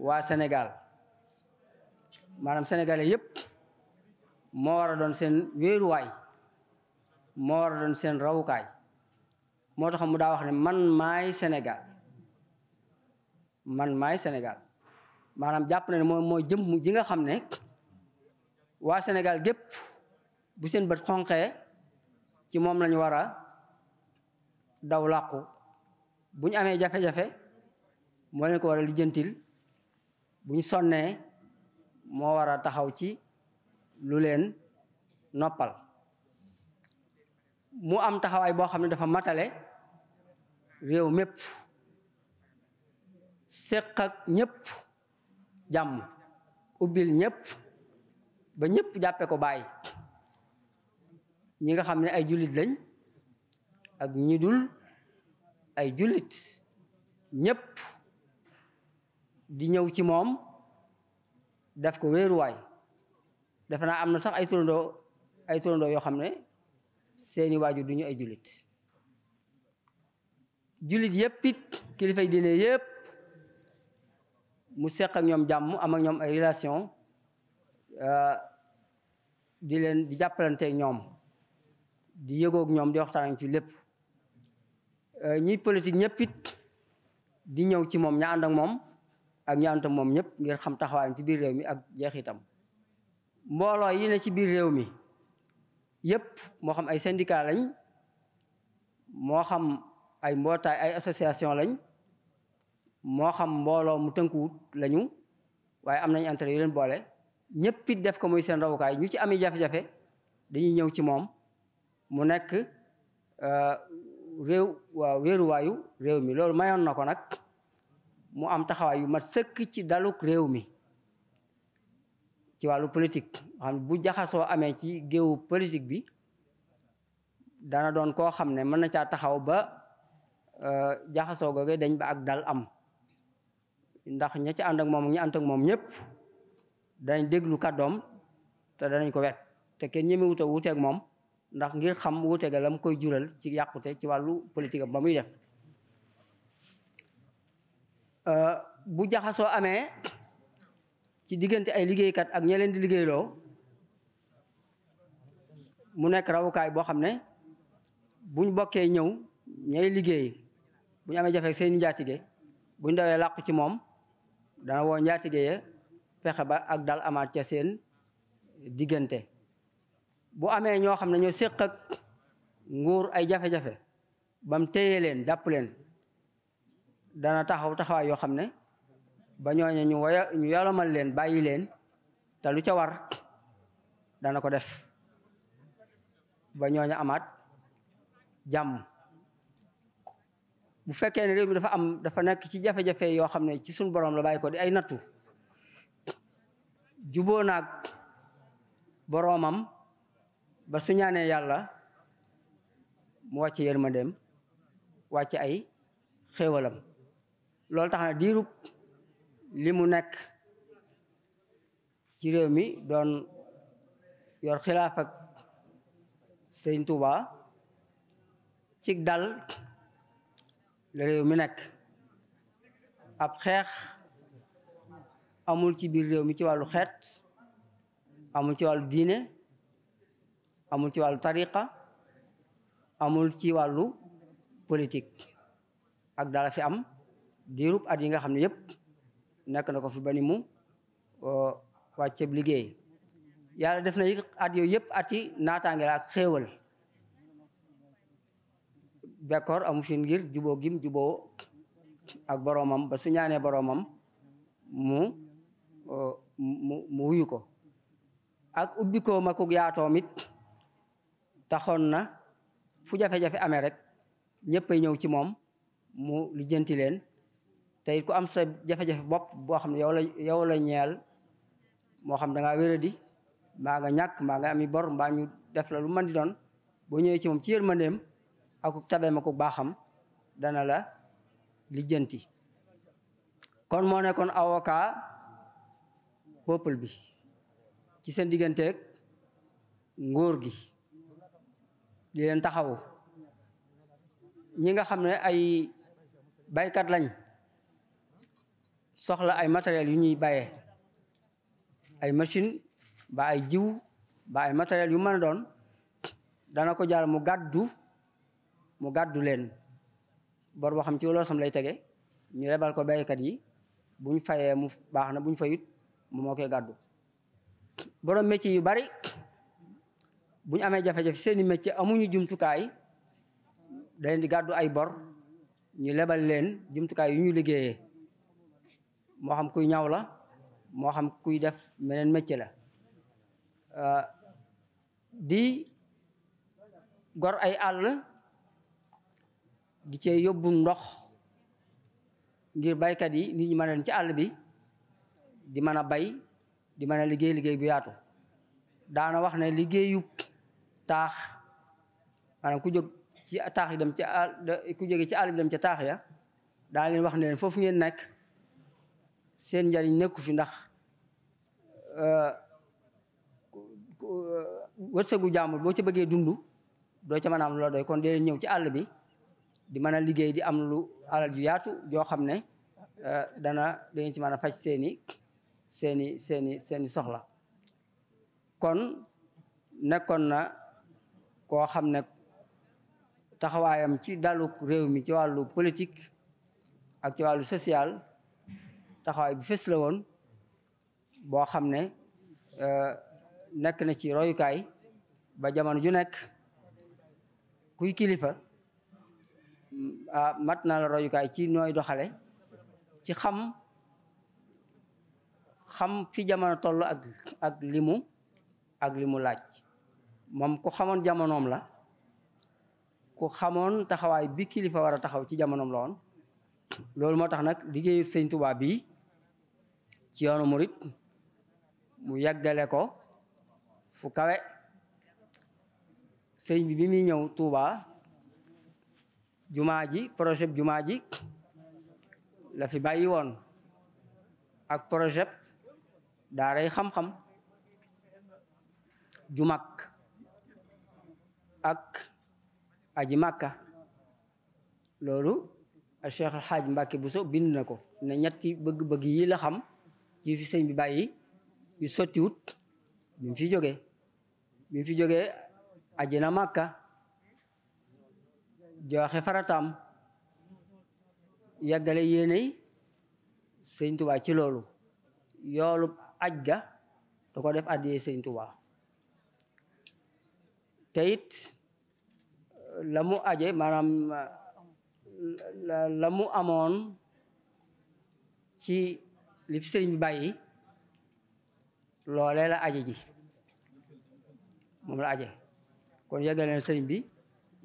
waa Sénégal maanaam sénégalais yépp moo war doon seen wéeruwaay moo war doon seen rawukaay moo tax mu daa wax ne man maay Sénégal man maay Sénégal maanaam jàpp na ne moom mooy jëmm ji nga xam ne waa Sénégal gépp bu seen bët xonqee ci moom lañu war a daw làqu bu ñu amee jafe-jafe moo leen ko war a lijjantil bu ñu sonnee moo war a taxaw ci lu leen noppal mu am taxawaay boo xam ne dafa matale réew mépp séq ñépp jàmm ubbil ñëpp ba ñëpp jàppe ko bàyyi ñi nga xam ne ay jullit lañ ak ñi ay jullit ñëpp di ñëw ci moom def ko wéeruwaay defe naa am na sax ay turandoo ay turandoo yoo xam ne seeni waajur du ñu ay jullit jullit yépp it kilifay diine yépp mu seq ak ñoom jàmm am ak ñoom ay relation euh, di leen di jàppalante ak ñoom di yëgoog ñoom di waxtaan ci lépp euh, ñiy politique ñëpp it di ñëw ci moom ña ànd moom ak ña ànd moom ñëpp ngir xam taxawaayam ci biir réew mi ak jeexitam mbooloo yi ne ci biir réew mi yëpp moo xam ay syndicat lañ moo xam ay mbootaay ay association lañ moo xam mbooloo mu tënkuwut lañu waaye am nañ intérêt yu leen boole ñëpp it def ko muy seen rawukaay ñu ci amee jafe-jafe dañuy ñëw ci moom mu nekk euh, réew waaw wéeruwaayu réew mi loolu mayoon na ko nag mu am taxawaay yu mat sëkk ci daluk réew mi ci wàllu politique xam bu jaxasoo amee ci géewu politique bi dana doon koo xam ne mën na caa taxaw ba euh, jaxasoo googee dañ ba ak dal am ndax ña ci ànd ak moom ak ña ànd moom ñëpp dañ déglu kàddoom te danañ ko wet te kenn ñemewut a moom ndax ngir xam wuuteeg la mu koy jural ci yàqute ci wàllu politique ba muy def euh, bu jaxasoo amee ci diggante ay liggéeykat ak ña leen di liggéeyloo mu nekk rawukaay boo xam ne buñ bokkee ñëw ñay liggéey bu ñu amee jafe seen njaatige buñ dawee làqu ci moom dana woo njaatige ya fexe ba ak dal amaat ca seen diggante bu amee ñoo xam ne ñoo séq nguur ay jafe-jafe bam téye leen jàpp leen dana taxaw taxawaay yoo xam ne ba ñooñu ñu woya ñu yolomal leen bàyyi leen te lu ca war dana ko def ba ñooñu amaat jàmm bu fekkee ne réew mi dafa am dafa nekk ci jafe-jafe yoo xam ne ci suñu borom la bàyyi ko di ay nattu juboo nag boroomam ba su ñaanee yàlla mu wàcc yërmandeem wàcc ay xéewalam loolu tax na diirub li mu nekk ci réew mi doon yor xilaaf ak sëñ Tuuba ci dal réew mi nekk ab xeex amul ci biir réew mi ci wàllu xeet amul ci wàllu diine amul ci wàllu tariqa amul ci wàllu politique ak dara fi am diirub at yi nga xam ne yëpp nekk na ko fi ba ni mu wàcceeb liggéey yàlla def na it at yooyu yëpp at yi naataange ak xéewal bekkoor amu fi ngir juboo gim juboo ak boroomam ba su ñaanee boroomam mu mu wuyu ko ak ubbi ko ma kug taxoon na fu jafe-jafe amee rek ñëpp ay ñëw ci moom mu lijjanti leen tey ku am sa jafe-jafe bopp boo xam ne yow la yow la ñeel moo xam da ngaa wéradi mbaa nga ñàkk mbaa nga ami bor mbaa ñu def la lu mën di boo ñëwee ci moom ci yërmandeem aku tabeem aku baaxam dana la lijjanti kon moo nekkoon avocat peuple bi ci seen digganteeg nguur gi di leen taxawu ñi nga xam ne ay baykat lañ soxla ay matériel yu ñuy bayee ay machine ba ay jiw ba ay matériel yu mën a doon dana ko jaar mu gàddu mu gàddu leen bor boo xam ci loolu sam lay tege ñu lebal ko baykat yi bu ñu fayee mu baax na bu ñu fayut mu moo koy gàddu borom métier yu bari bu ñu amee jafe-jafe seeni métier amuñu jumtukaay da leen di gàddu ay bor ñu lebal leen jumtukaay yu ñu liggéeyee moo xam kuy ñaw la moo xam kuy def meneen métier la di gor ay àll di cee yóbbu ndox ngir baykat yi nit ñi mën a dem ci àll bi di mën a bay di mën a liggéey liggéey bu yaatu daana wax na liggéeyu taax maanaam ku jóg ci dem ci àll ci àll bi dem ca taax ya daa leen wax ne leen foofu ngeen nekk seen njariñ nekku fi ndax euh, euh, wërsëgu jàmbur boo ci bëggee dund doo ca mën a am loo doy kon dee leen ñëw ci àll bi di mën a liggéey di am lu alal ju yaatu joo xam ne euh, dana dañu ci mën a faj seeni seeni seeni seeni soxla kon nekkoon na koo xam ne taxawaayam ci daluk réew mi ci wàllu politique ak ci wàllu social taxawaay bi fës la woon boo xam ne euh, nekk na ci royukaay ba jamono ju nekk kuy kilifa ah mat naa la royukaay ci nooy doxale ci xam xam fi jamono toll ak limu ak li mu laaj moom ku xamoon jamonoom la ku xamoon taxawaay bi kilifa war a taxaw ci jamonoom la woon loolu moo tax nag liggéeyu sëñ Tuubaa bii ci yoonu murit mu yàggale ko fu kawe sëñ bi bi muy ñëw Tuubaa jumaa ji projet bi jumaa ji la fi bàyyi woon ak projet daaray xam-xam ju mag ak aji màkka loolu Cheikh Al Hadj Mbacke Bousso bind na ko ne ñetti bëgg-bëgg yi la xam ci fi sëñ bi bàyyi yu sottiwut bi mu fi jógee bi fi jógee aji na màkka joxe farataam yàggale yéeney sëñ ci loolu yoolub aj ga da ko def addiyee sëñ tubaa la mu aje maanaam la mu amoon ci li fi sëriñ bi bàyyi loolee la aje ji moom la aje kon yàggale na sëriñ bi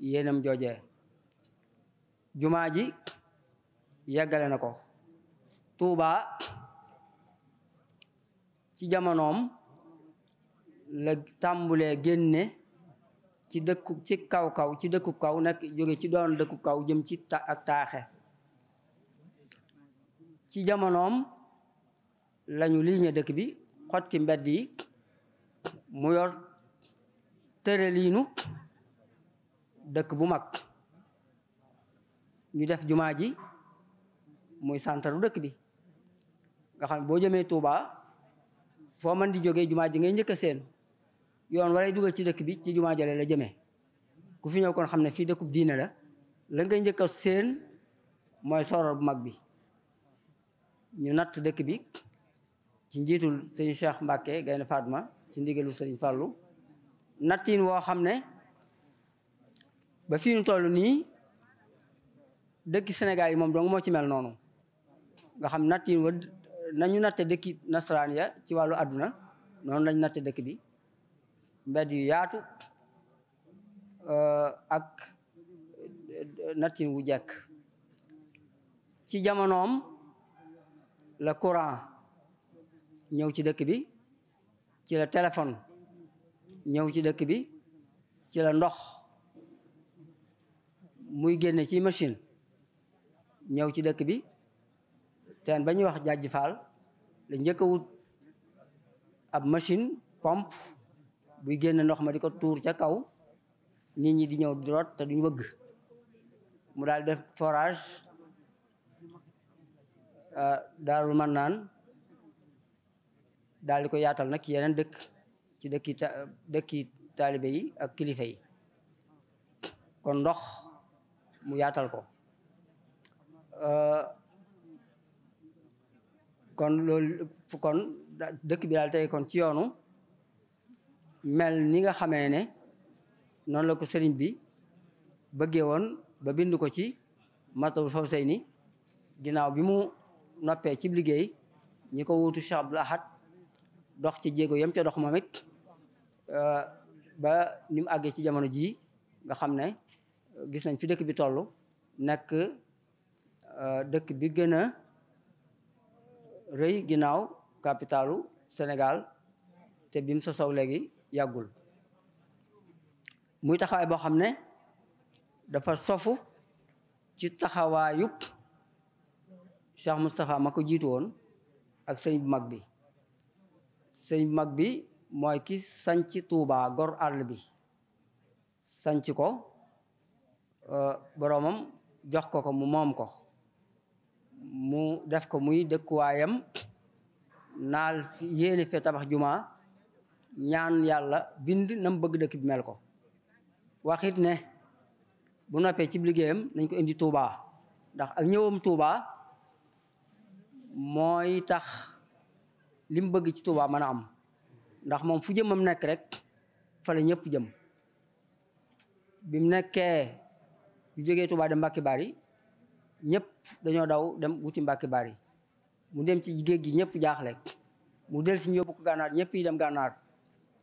yéenam jooje jumaa ji yàggale na ko Tuuba ci jamonoom la tàmbulee génne ci dëkku ci kaw-kaw ci dëkku kaw nag jóge ci doon dëkku kaw jëm ci taaxe ci jamonoom lañu liiñe dëkk bi xotti mbedd yi mu yor tërëliinu dëkk bu mag ñu def jumaa ji muy santaru dëkk bi nga xam boo jëmee Touba foo mën di jógee jumaa ji ngay njëkk a seen yoon waray dugal ci dëkk bi ci jumaa jale la jëmee ku fi ñëw kon xam ne fii dëkkub diine la la ngay njëkk a mooy soror bu mag bi ñu natt dëkk bi ci njiitul sëñ Cheikh Mbacke Gaynde faatma ci ndigalu sëñ Fallou nattiin woo xam ne ba fii nu nii dëkk Sénégal yi moom dong moo ci mel noonu nga xam natt yi nañu natte dëkki nasaraan ya ci wàllu àdduna noonu lañ natte dëkk bi mbedd yu yaatu euh, ak euh, nattin wu jekk ci jamonoom la courant ñëw ci dëkk bi ci la téléphone ñëw ci dëkk bi ci la ndox muy génne ci machine ñëw ci dëkk bi teen ba ñuy wax jàjj faal la njëkk wut ab machine pompe buy génn ndox ma di ko tuur ca kaw nit ñi di ñëw di te duñ wëgg mu daal def forage euh, daarul man naan daal di ko yaatal nag yeneen dëkk ci dëkki ta taalibe yi ak kilifa yi kon ndox mu yaatal ko Euh, kon loolu kon dëkk bi daal tey kon ci yoonu mel ni nga xamee ne noonu la ko sëriñ bi bëggee woon ba bind ko ci Matlabul Fawzayni ginnaaw bi mu noppee ci liggéey ñi ko wuutu Cheikh Abdoul Ahad dox ci jéego yam ca dox moom it euh, ba ni mu àggee ci jamono jii nga xam ne gis nañ fi dëkk bi toll nekk Euh, dëkk bi gëna rëy ginnaaw capitalu senegaal te bim sosow léegi yàggul muy taxawaay boo xam ne dafa sofu ci taxawaayub Cheikh Moustapha ma ko ak sëñ mag bi sëñ mag bi mooy ki sanc Tuuba gor àll bi sañc ko euh, boroomam jox ko ko mu moom ko mu def ko muy dëkkuwaayam naal yéene fee tabax juma ñaan yàlla bind nam bëgg dëkk bi mel ko waxit ne bu noppee cib liggéeyam nañ ko indi tuubaa ndax ak ñëwam tuubaa mooy tax li bëgg ci Touba mën a am ndax moom fu jëmam nekk rek fa la ñëpp jëm bi mu nekkee bu jógee Touba dem Mbàkke Bari ñépp dañoo daw dem wuti Mbàkke Bari mu dem ci géej gi ñëpp jaaxle mu del si ñu yóbbu ko gànnaar ñëpp yi dem gànnaar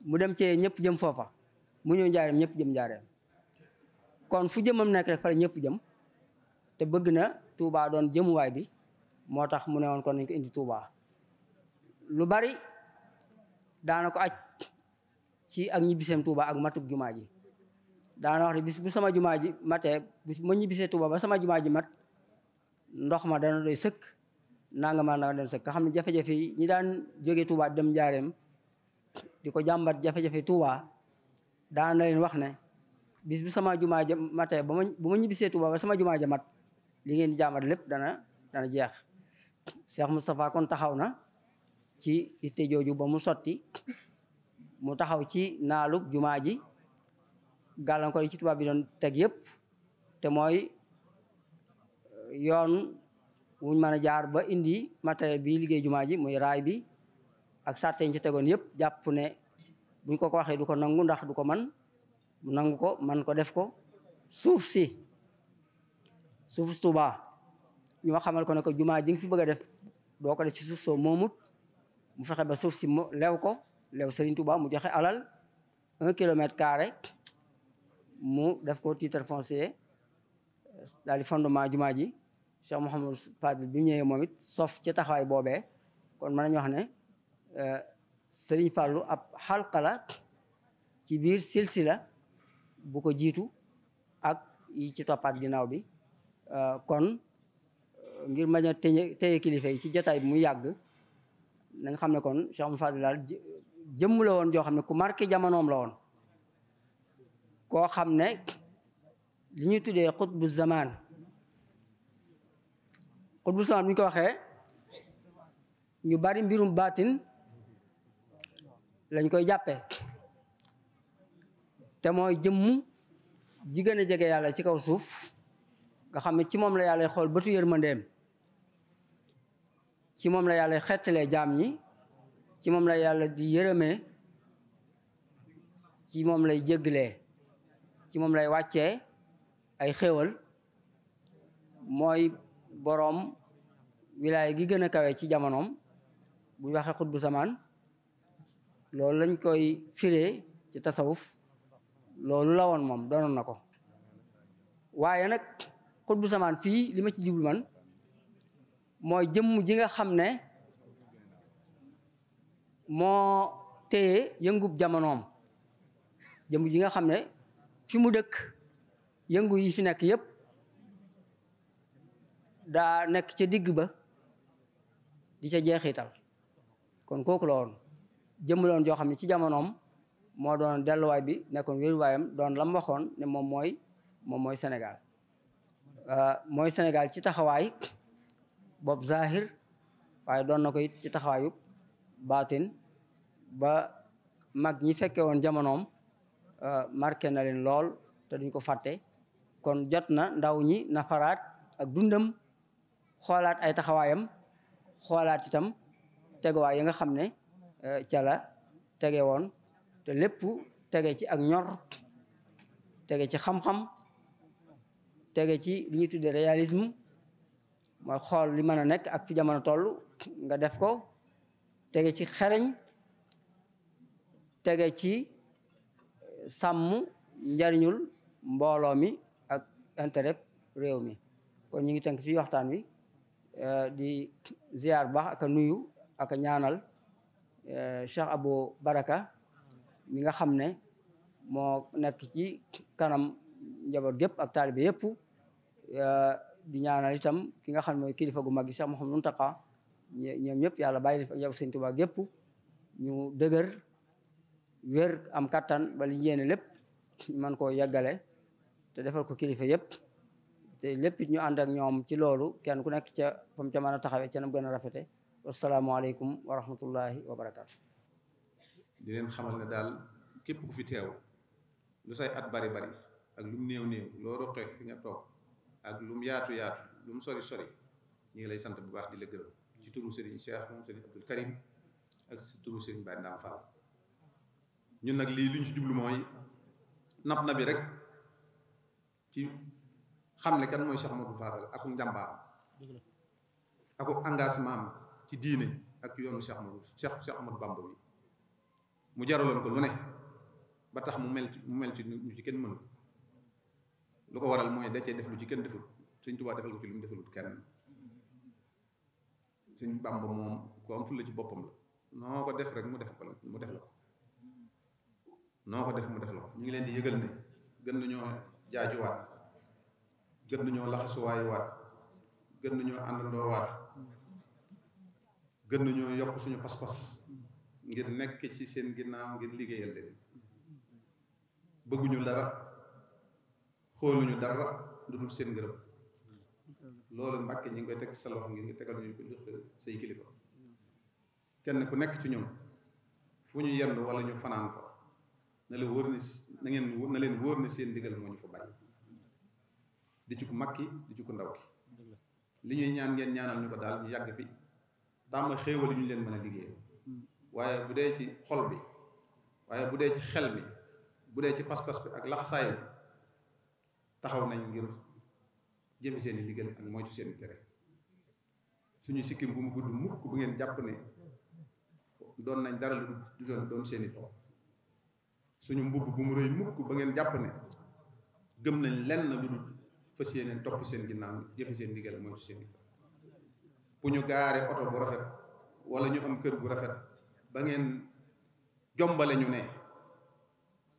mu dem ci ñëpp jëm foofa mu ñëw njaareem ñëpp jëm njaareem kon fu jëmam nekk rek fa ñëpp jëm te bëgg na Touba doon jëmuwaay bi moo tax mu ne woon kon nañ ko indi Touba lu bari daana ko aj ci ak ñibbiseem Touba ak matub jumaa ji daana wax ne bis bu sama jumaa ji matee bis ma ñibbisee Touba ba sama jumaa ji mat ndox ma dana doy sëkk nanga maa nanga doy sëkk nga xam ne jafe-jafe ñi daan jóge Touba dem Njaareem di ko jàmbat jafe-jafe Touba daan na leen wax ne bis bu sama jumaa ja mate ba ma bu ma ñibbisee Touba ba sama jumaa ja mat li ngeen di jàmbat lépp dana dana jeex Cheikh Moustapha kon taxaw na ci itte jooju ba mu sotti mu taxaw ci naalub jumaa ji gàllankoor yi ci Touba bi doon teg yëpp te mooy yoon wuñ mën a jaar ba indi matériel bi liggéey jumaa ji muy raay bi ak sàrte ñu ci tegoon yëpp jàpp ne buñ ko ko waxee du ko nangu ndax du ko man nangu ko man ko def ko suuf si suuf si Tuuba ñu xamal ko ne ko jumaa ji nga fi bëgg a def doo ko def ci suuf soo moomut mu fexe ba suuf si mu lew ko lew Serigne Touba mu joxe alal un kilomètre carré mu def ko titre foncier daal di fondement jumaa ji Cheikh Mouhamadou Fadil bi ñëwee moom it sof ci taxawaay boobee kon mën nañu wax ne euh, Serigne Fallou ab xalqa ci biir silsila bu ko jiitu ak yi ci toppaat ginnaaw bi euh, kon euh, ngir mañ a téye téye kilifa yi ci jotaay bi mu yàgg nanga xam ne kon Cheikh Mouhamadou Fadil jëmm la woon joo xam ne ku marqué jamonoom la woon koo xam ne li ñuy tuddee xutbu zamaan xutbu samaan bu ñu ko waxee ñu bari mbirum baatin lañ koy jàppe te mooy jëmm ji a jege yàlla ci kaw suuf nga xam ne ci moom la yàlla xool bëtu yërmandeem ci moom la yàlla xettalee jaam ñi ci moom la yàlla di yërëmee ci moom lay jéggalee ci moom lay wàccee ay xéewal mooy boroom wilaaya gi gën a kawe ci jamonoom bu waxee xutbu zamaan loolu lañ koy firee ci tasawuf loolu la woon moom doonoon na ko waaye nag xutbu zamaan fii li ma ci jublu man mooy jëmm ji nga xam ne moo téye yëngub jamonoom jëmm ji nga xam ne fi mu dëkk yëngu yi fi nekk yépp daa nekk ca digg ba di ca jeexital kon kooku la woon jëmm loon joo xam ne ci jamonoom moo doon delluwaay bi nekkoon wéruwaayam doon lam waxoon ne moom mooy moom mooy Sénégal euh, mooy Sénégal ci taxawaay bopp zahir waaye doon na ko it ci taxawaayu baatin ba mag ñi fekke woon jamonoom euh, marqué na leen lool te duñ ko fàtte kon jot na ndaw ñi nafaraat ak dundam xoolaat ay taxawaayam xoolaat itam teguwaay yi nga xam ne eh, ca la tege woon te lépp tege ci ak ñor tege ci xam-xam tege ci li ñuy tuddee réalisme mooy xool li mën a nekk ak fi jamono toll nga def ko tege ci xereñ tege ci eh, sàmm njariñul mbooloo mi ak intérêt réew mi kon ñu ngi tënk fii waxtaan wi Eh, di ziar bu baax nuyu ak ñaanal eh, Cheikh Abou Baraka mi nga xam ne moo nekk ci kanam njaboot gépp ak taalibe yëpp eh, di ñaanal itam ki nga xam ne mooy kilifa gu mag gi Cheikh Mouhamadou Mountakha ñoom ñëpp yàlla bàyyi def yow Sëñ Tuubaa gépp ñu dëgër wér am kattan ba li yéene lépp man koo yeggale te defal ko kilifa yëpp te lépp ñu ànd ak ñoom ci loolu kenn ku nekk ca fa mu ca man a taxawee ca nam gën a rafete wasalaamaaleykum wa rahmatullahi wa barakaatu. xamal ne daal képp ku fi teew lu say at bari bari ak lum néew néew loo roqee fi nga toog ak lum yaatu yaatu mu sori sori ñu ngi lay sant bu baax di la gërëm ci turu Serigne Cheikh moom Serigne Abdul Karim ak ci turu Serigne Baye Ndam Fall ñun nag lii li ñu ci jublu mooy nap na bi rek xam ne kan mooy Cheikh Amadou Fadal ak njàmbaaram um ak um engagement am ci diine ak yoonu Cheikh Amadou Cheikh Cheikh bi mu jaraloon ko lu ne ba tax mu mel mu mel ci ñu ci kenn mënu lu ko waral mooy da cee def lu ci kenn deful Sëñ Tuubaa defal ko ci lu mu defalul kenn Sëñ Bamba moom ko am fulla ci boppam la noo ko def rek mu def ko la mu def la ko noo ko def mu def la ko ñu ngi leen di yëgal ne gën nañoo jaajuwaat gën nañoo laxasuwaay waat gën nañoo àndandoo waat gën nañoo yokk suñu pas-pas ngir nekk ci seen ginnaaw ngir liggéeyal leen bëgguñu dara xooluñu dara lu dul seen ngërëm loolu mbàkke ñi ngi koy teg sa loxo ngir nga tegal ñu ko jox say kilifa kenn ku nekk ci ñoom fu ñu yendu wala ñu fanaan fa na leen wóor ne leen wóor seen digal moo ñu fa bàyyi di ci ku mag ki di ci ku ndaw ki li ñuy ñaan ngeen ñaanal ñu ko daal ñu yàgg fi tàmm xéewal ñu leen mën a liggéey hmm. waaye bu dee ci xol bi waaye bu dee ci xel bi bu dee ci pas-pas bi ak lax bi taxaw nañ ngir jëmi seeni i liggéey ak moytu seen i tere suñu sikkim bu mu gudd mukk bu ngeen jàpp ne doon nañ dara lu du doon seen i tool suñu mbubb bu mu rëy mukk ba ngeen jàpp ne gëm nañ lenn lu dul fas yéeneen topp seen ginnaaw jëfe seen ndigal moytu seen ndigal bu ñu gaaree oto bu rafet wala ñu am kër bu rafet ba ngeen jombale ñu ne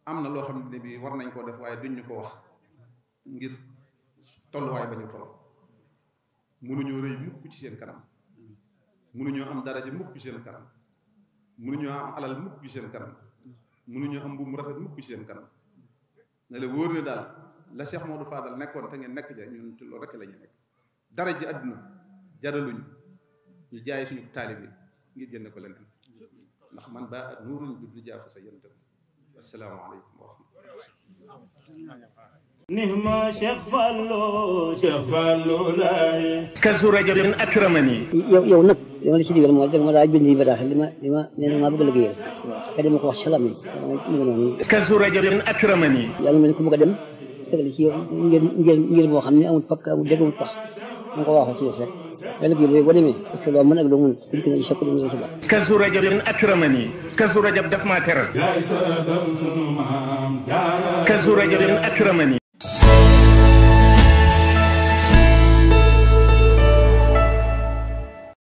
am na loo xam ne bii war nañ koo def waaye duñ ñu ko wax ngir tolluwaay ba ñu toll mënuñoo rëy mukk ci seen kanam mënuñoo am dara mukk ci seen kanam mukk ci seen kanam mënuñoo am mbuum rafet mukk ci seen kanam ne la wóor ne daal la Cheikh Modou Fadal nekkoon te ngeen nekk ja ñun loolu rek la ñu nekk dara ji àdduna jaraluñu ñu jaay suñu taalibe ngir jënd ko leneen ndax man ba at nuuruñ bi du jaafu sa yëntam asalaamaaleykum wa rahmatulah nihma Cheikh Fallou Cheikh Fallou laay kasu rajab akramani yow yow nag li ma la si digal mooy dag ma daa bind yi bataaxal li ma li ma nee na maa bëgg a liggéeyal ka dem ko wax salaam ni mu ngi noonu kasu rajab akramani yàlla mel ko bëgg a dem tegale ci ngeen ngeen ngeen boo xam ne amul pakk amul dégg amul pax da ko waxoo ci def rek yàlla gi booy boo demee est-ce que loo mën ak loo mën duñ ko ne chaque jour si baax. Kazu Rajab akramani Kazu Rajab daf maa teral. Kazu Rajab akramani